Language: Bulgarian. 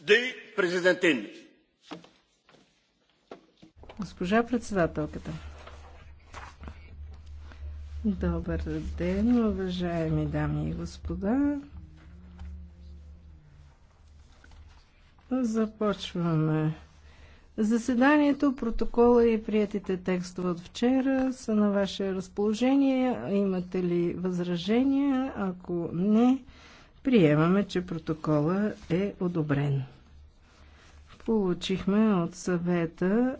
Ди президентин. Госпожа председателката. Добър ден, уважаеми дами и господа. Започваме. Заседанието, протокола и приятите текстове от вчера са на ваше разположение. Имате ли възражения? Ако не, Приемаме, че протокола е одобрен. Получихме от съвета